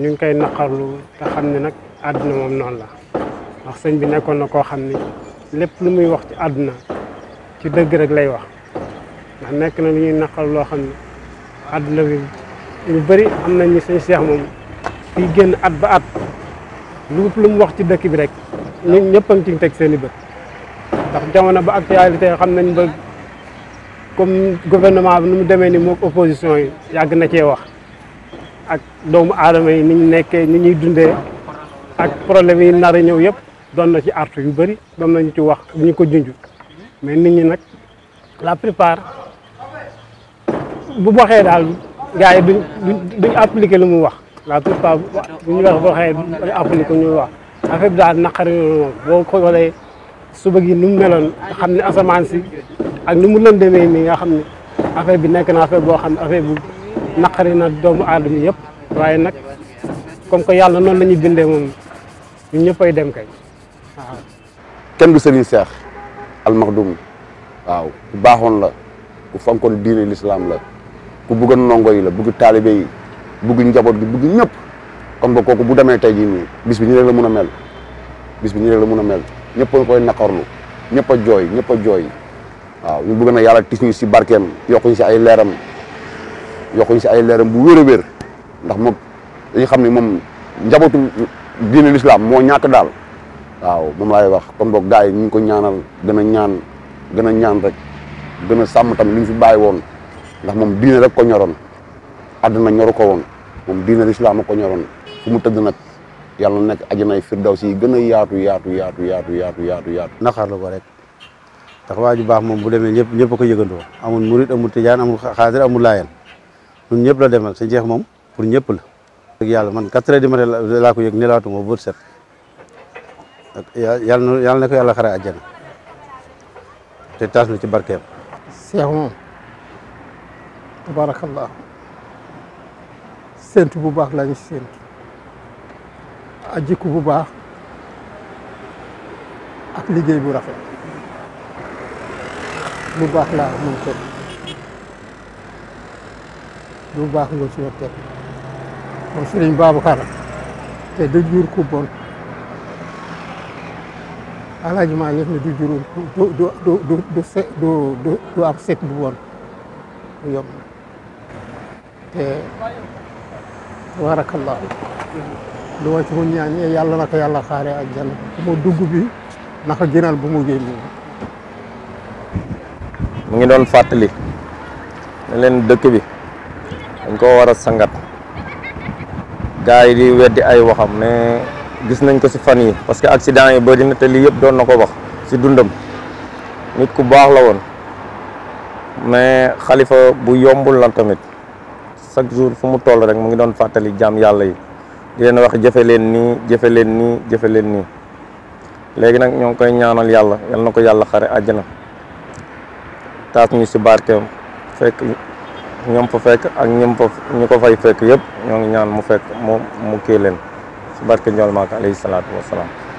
ñu ngi koy naqarlu te xam ne nag àdduna moom noonu la ndax sëñ bi nekkoon na koo xam ne lépp lu muy wax ci àdduna ci dëgg rek lay wax ndax nekk na lu ñuy naqar loo xam ne àdduna bi ñu bëri am nañ ñu sëñ Cheikh moom fii génn at ba at lépp lu mu wax ci dëkk bi rek ñun ñëpp a ngi teg seen i bët ndax jamono ba actualité xam nañ ba comme gouvernement bi nu mu demee ni moog opposition yi yàgg na cee wax. ak doomu aadama yi ni ñu nekkee ni ñuy dundee ak problème yi nar a ñëw yëpp doon na ci artu yu bari doon nañu ci wax ñu ko junj mais nit ñi nag la plupart bu waxee daal gaay yi duñ duñ mu wax la plupart bu ñu wax boo waxee dañu appliqué ñu wax affaire bi daal naqari moom boo ko xoolee suba gi nu mu meloon nga xam ne asamaan si ak nu mu leen demee nii nga xam ne affaire bi nekk na affaire boo xam ne affaire bu naqari na doomu aadama yëpp. waaye nag kom que yàlla noonu la ñuy bindee moom ñun ñëppay dem kay waaw. kenn du Serigne Cheikh Al waaw ku baaxoon la ku fonkoon diine l'islam la ku bëggoon ndongo yi la bëgg taalibe yi bëgg njaboot gi bëgg ñëpp kom ba kooku bu demee tey jii nii bis bi ñu rek la mun a mel bis bi ñu rek la mun a mel ñëpp a koy naqarlu ñëpp a jooy ñëpp jooy waaw ñu bëgg na yàlla tis ñu si barkeem yokkuñ si ay leeram yokkuñ si ay leeram bu wér a wér. ndax moom dañu xam ne moom njabootu diine l'islam moo ñàkk daal waaw moom laay wax kon boog gars yi ñu ngi ko ñaanal gën a ñaan gën ñaan rek gën a sàmm tamit li ñu fi bàyyi woon ndax moom diine rek ko ñoroon àdduna ñoru ko woon moom diine l'islam ko ñoroon fu mu tëdd nag yàlla nekk ajanay firdaws yi gën a yaatu yaatu yaatu yaatu yaatu yaatu yaatu naqarlu ko rek ndax waa ju baax moom bu demee ñëpp ñëpp a ko yëgandoo amul murit amul tijaan amul xaadir amul laayeen ñun ñëpp la demal sa jeex moom pour ñëpp la. ak yàlla man quatre heures du matin laa ko yëg nelawaatuma bët set yàlla na yàlla na ko yàlla a àjjana te taas na ci barkeem. Seex moom tabaarakallah séentu bu baax laa ñu séentu ak jikko bu baax ak liggéey bu rafet bu baax laa moom teg bu baax nga ci wax mooy Serigne Babacar te du jur ku bon Alaaji Maalik ne du jurul du du du du du du am set bu bon du te tabarakallah lu ma ci mun ñaan yàlla na ko yàlla xaare aljanna bu ma bi naka gënal bu mu génn mu ngi doon fàttali ne leen dëkk bi dañ koo war a sangat gars yi di weddi ay waxam mais gis nañ ko si fan yi parce que accident yi bëri na te lii yëpp doon na ko wax si dundam nit ku baax la woon mais xalifa bu yombul la tamit chaque jour fu mu toll rek mu ngi doon fàttali jaam yàlla yi di leen wax jëfe leen nii jëfe leen nii jëfe leen nii léegi nag ñoo ngi koy ñaanal yàlla yal na ko yàlla xare àjjana taas ñu si barkeem fekk ñoom fa fekk ak ñoom fa ñu ko fay fekk yëpp ñoo ngi ñaan mu fekk mu mu kii leen si barke Ndiol Maka alayhi salaatu wa salaam